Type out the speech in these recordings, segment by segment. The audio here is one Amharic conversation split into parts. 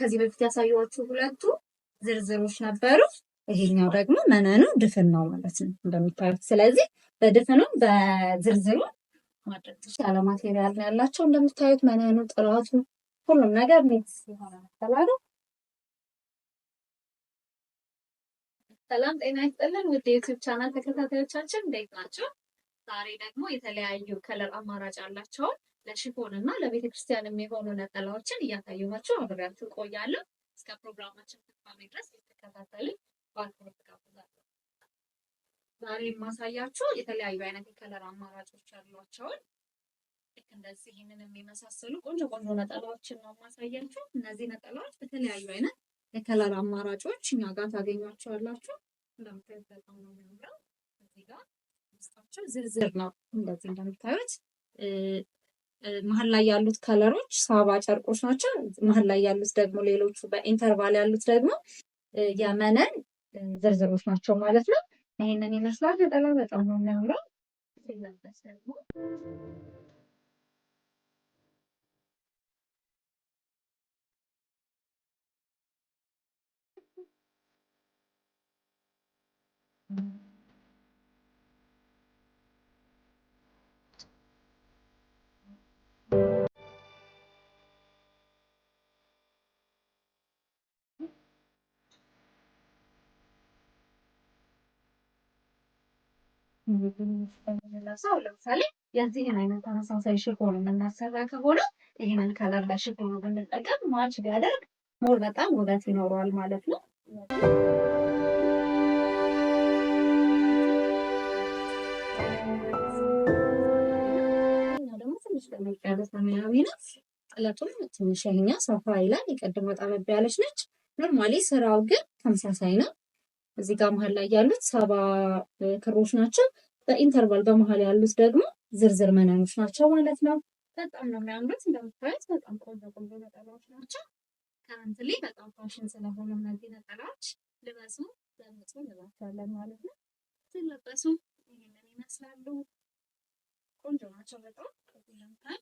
ከዚህ በፊት ያሳየኋችሁ ሁለቱ ዝርዝሮች ነበሩ። ይሄኛው ደግሞ መነኑ ድፍን ነው ማለት ነው እንደሚታዩት። ስለዚህ በድፍኑም በዝርዝሩ ማድረግ ይቻላል። ማቴሪያል ያላቸው እንደምታዩት መነኑ፣ ጥራቱ፣ ሁሉም ነገር ሚክስ ሲሆነ መተላለ ሰላም ጤና ይስጥልን ውድ የዩቲዩብ ቻናል ተከታታዮቻችን እንዴት ናቸው? ዛሬ ደግሞ የተለያዩ ከለር አማራጭ አላቸውን ለሽፎን እና ለቤተ ክርስቲያን የሚሆኑ ነጠላዎችን እያሳየኋቸው አብሬያችሁ ቆያለሁ። እስከ ፕሮግራማችን ፍጻሜ ድረስ የተከታተልን በአክብሮት ጋብዛለሁ። ዛሬ የማሳያችሁ የተለያዩ አይነት የከለር አማራጮች ያሏቸውን ልክ እንደዚህ ይህንን የሚመሳሰሉ ቆንጆ ቆንጆ ነጠላዎችን ነው የማሳያችሁ። እነዚህ ነጠላዎች በተለያዩ አይነት የከለር አማራጮች እኛ ጋር ታገኟቸዋላችሁ። እንደምታዩት በጣም ነው የሚያምረው። እዚህ ጋር ዝርዝር ነው እንደዚህ እንደምታዩት መሀል ላይ ያሉት ከለሮች ሳባ ጨርቆች ናቸው። መሀል ላይ ያሉት ደግሞ ሌሎቹ በኢንተርቫል ያሉት ደግሞ የመነን ዝርዝሮች ናቸው ማለት ነው። ይህንን ይመስላል። ነጠላ በጣም ነው የሚያምረው። የምንለብሰው ለምሳሌ የዚህን አይነት ተመሳሳይ ሽፎን የምናሰራ ከሆነ ይህንን ከለር ለሽፎኑ ብንጠቀም ማች ቢያደርግ ሞር በጣም ውበት ይኖረዋል ማለት ነው። ደግሞ ትንሽ ደመቅ ያለ ሰማያዊ ነው። ጥለቱም ትንሽ ሰፋ ይላል። የቀድሞ ጠበብ ያለች ነች። ኖርማሊ ስራው ግን ተመሳሳይ ነው። እዚህ ጋር መሀል ላይ ያሉት ሰባ ክሮች ናቸው። በኢንተርቫል በመሀል ያሉት ደግሞ ዝርዝር መነኖች ናቸው ማለት ነው። በጣም ነው የሚያምሩት። እንደምታዩት በጣም ቆንጆ ቆንጆ ነጠላዎች ናቸው። ከአንድ ላይ በጣም ፋሽን ስለሆኑ እነዚህ ነጠላዎች ልበሱ ለምጡ እንላቸዋለን ማለት ነው። ሲለበሱ ይህንን ይመስላሉ። ቆንጆ ናቸው በጣም ከዚህ ለምታይ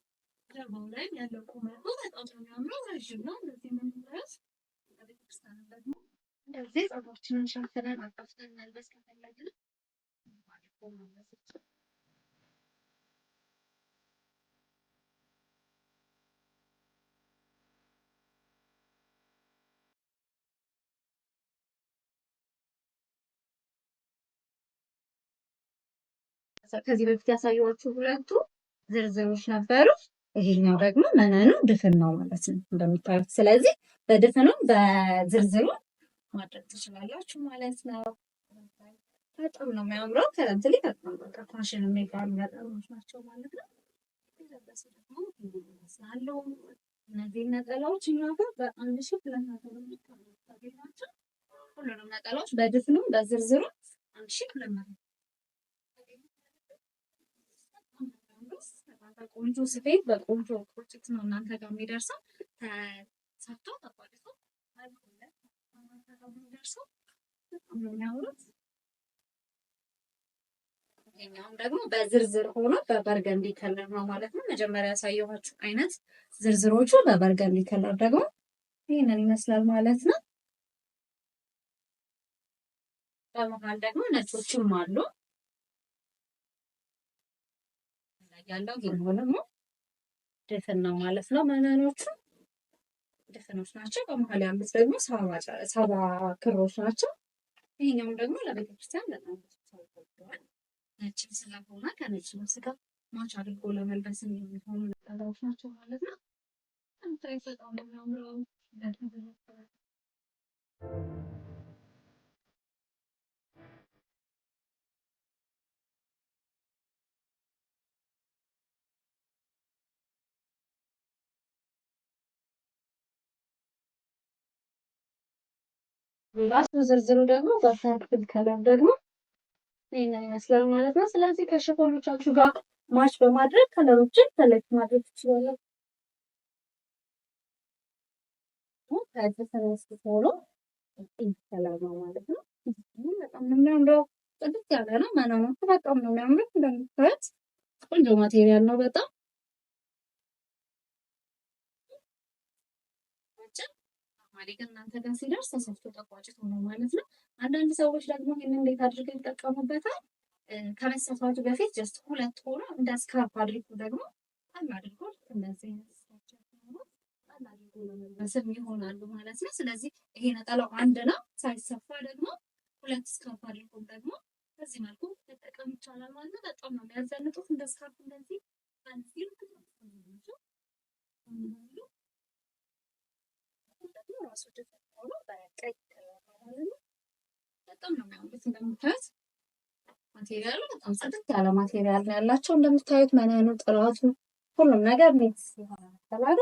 ጀርባው ላይም ያለው ቁመቱ በጣም ነው የሚያምረው። ረዥም ነው እንደዚህ የምንለስ እንደዚህ ጸጉራችንን ሸፍነን አጣፍተን መልበስ ከፈለግን ከዚህ በፊት ያሳየኋችሁ ሁለቱ ዝርዝሮች ነበሩ። ይሄኛው ደግሞ መነኑ ድፍን ነው ማለት ነው እንደሚታዩት። ስለዚህ በድፍኑ በዝርዝሩ ማድረግ ትችላላችሁ ማለት ነው። በጣም ነው የሚያምረው። ከረንት ላይ በጣም በቃ ፋሽን የሚባሉ ነጠሎች ናቸው ማለት ነው። ለበሱ ደግሞ ይመስላለው። እነዚህ ነጠላዎች እኛ ጋር በአንድ ሺ ሁለት መቶ ናቸው። ሁሉንም ነጠላዎች በድፍኑ በዝርዝሩ አንድ ሺ ሁለት መቶ ቆንጆ ስፌት በቆንጆ ቁጭት ነው እናንተ ጋር የሚደርሰው ተሰርቶ ተቋደስ ደርሰው በጣም ነው የሚያምሩት። ይሄኛውም ደግሞ በዝርዝር ሆኖ በበርገንዲ ከለር ነው ማለት ነው። መጀመሪያ ያሳየኋችሁ አይነት ዝርዝሮቹ በበርገንዲ ከለር ደግሞ ይህንን ይመስላል ማለት ነው። በመሀል ደግሞ ነጮችም አሉ። ያለው ግን ደግሞ ነው ማለት ነው መነኖቹ ድፍኖች ናቸው። በመሀል ያሉት ደግሞ ሰባ ክሮች ናቸው። ይሄኛውም ደግሞ ለቤተክርስቲያን በጣም ስለሆነ ከነጭ ልብስ ጋር ማች አድርጎ ለመልበስ የሚሆኑ ናቸው ማለት ነው። በጣም እሱ ዝርዝሩ ደግሞ በፐርፕል ከለር ደግሞ ይህንን ይመስላል ማለት ነው። ስለዚህ ከሽፎኖቻችሁ ጋር ማች በማድረግ ከለሮችን ተለክ ማድረግ ትችላለን። ማለት ነው። በጣም የሚያምረው ጥድት ያለ ነው። በጣም ነው የሚያምረው። እንደምታዩት ቆንጆ ማቴሪያል ነው በጣም ተጨማሪ ግን እናንተ ጋር ሲደርስ ተሰፍቶ ተቋጭቶ ነው ማለት ነው። አንዳንድ ሰዎች ደግሞ ይህን እንዴት አድርገው ይጠቀሙበታል? ከመሰፋቱ በፊት ጀስት ሁለት ሆኖ እንደ ስካርፕ አድርጎ ደግሞ ጣል አድርጎ እንደዚህ ስም ይሆናሉ ማለት ነው። ስለዚህ ይሄ ነጠላው አንድ ነው፣ ሳይሰፋ ደግሞ ሁለት ስካርፕ አድርጎ ደግሞ በዚህ መልኩ መጠቀም ይቻላል ማለት ነው። በጣም ነው የሚያዘንጡት እንደ ስካርፕ እንደዚህ ራሱ ድፍን ሆኖ በቀይ ከለር በጣም ነው የሚያምሩት። እንደምታዩት ማቴሪያሉ በጣም ጽድት ያለ ማቴሪያል ነው ያላቸው። እንደምታዩት መነኑ፣ ጥራቱ፣ ሁሉም ነገር ቤት ሲሆነ ተባለ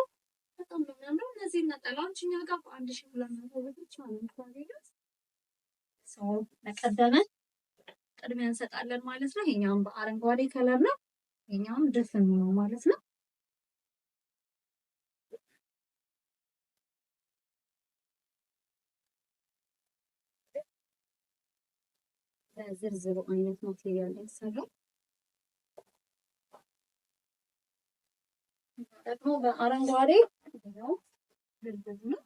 በጣም ነው የሚያምረው። እነዚህ ነጠላዎች እኛ ጋር በአንድ ሺ ሁለት መቶ ብር ነው የምታገኙት። ሰው ለቀደመ ቅድሚያ እንሰጣለን ማለት ነው። ይሄኛውም በአረንጓዴ ከለር ነው። ይሄኛውም ድፍን ነው ማለት ነው። በዝርዝሩ አይነት ማቴሪያል ላይ የተሰራው ደግሞ በአረንጓዴ ዝርዝር ነው።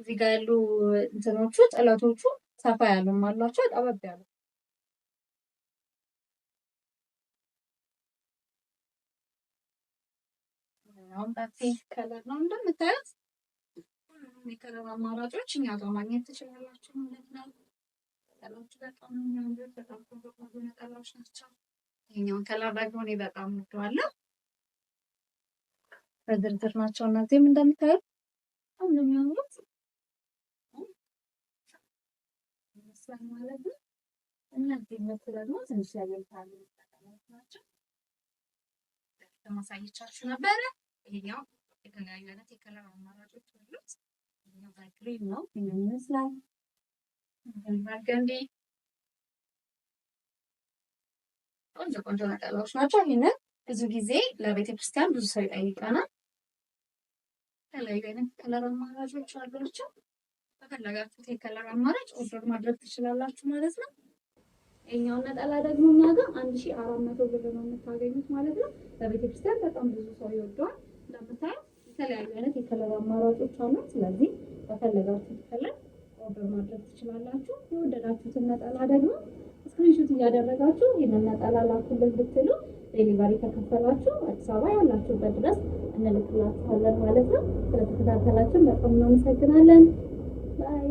እዚህ ጋር ያሉ እንትኖቹ ጥለቶቹ ሰፋ ያሉም አሏቸው፣ ጠበብ ያሉ አሁን ፒንክ ከለር ነው እንደምታዩት። ሁሉም የከለር አማራጮች እኛ ጋር ማግኘት ትችላላችሁ ማለት ነው። ነጠላዎች በጣም ነው የሚያምሩት። በጣም ቆንጆ ቆንጆ ነጠላዎች ናቸው። ይሄኛውን ከለር ደግሞ እኔ በጣም ወደዋለሁ። በዝርዝር ናቸው እነዚህም እንደምታዩት በጣም ነው የሚያምሩት ይመስላል ማለት ነው። እነዚህ ምርት ደግሞ ትንሽ ለየት ያሉ ነጠላዎች ናቸው። ማሳየቻችሁ ነበረ። ይሄኛው የተለያዩ አይነት የከለር አማራጮች አሉት። ይሄኛው በግሪን ነው ይመስላል ቆንጆ ቆንጆ ነጠላዎች ናቸው። ይህንን ብዙ ጊዜ ለቤተክርስቲያን ብዙ ሰው ይጠይቀናል። የተለያዩ አይነት ከለር አማራጮች አሏቸው። በፈለጋችሁት የከለር አማራጭ ኦርደር ማድረግ ትችላላችሁ ማለት ነው። ይሄኛውን ነጠላ ደግሞ እኛ ጋር አንድ ሺህ አራት መቶ ብር ነው የምታገኙት ማለት ነው። በቤተ በጣም ብዙ ሰው ይወደዋል። እንደምታየው የተለያዩ አይነት የከለር አማራጮች አሉ። ስለዚህ በፈለጋችሁት ከለር ኦርደር ማድረግ ትችላላችሁ። የወደዳችሁትን ነጠላ ደግሞ ስክሪንሹት እያደረጋችሁ ይህንን ነጠላ ላኩልን ብትሉ ዴሊቨሪ ከከፈላችሁ አዲስ አበባ ያላችሁበት ድረስ እንልክላችኋለን ማለት ነው። ስለተከታተላችሁን በጣም እናመሰግናለን። ባይ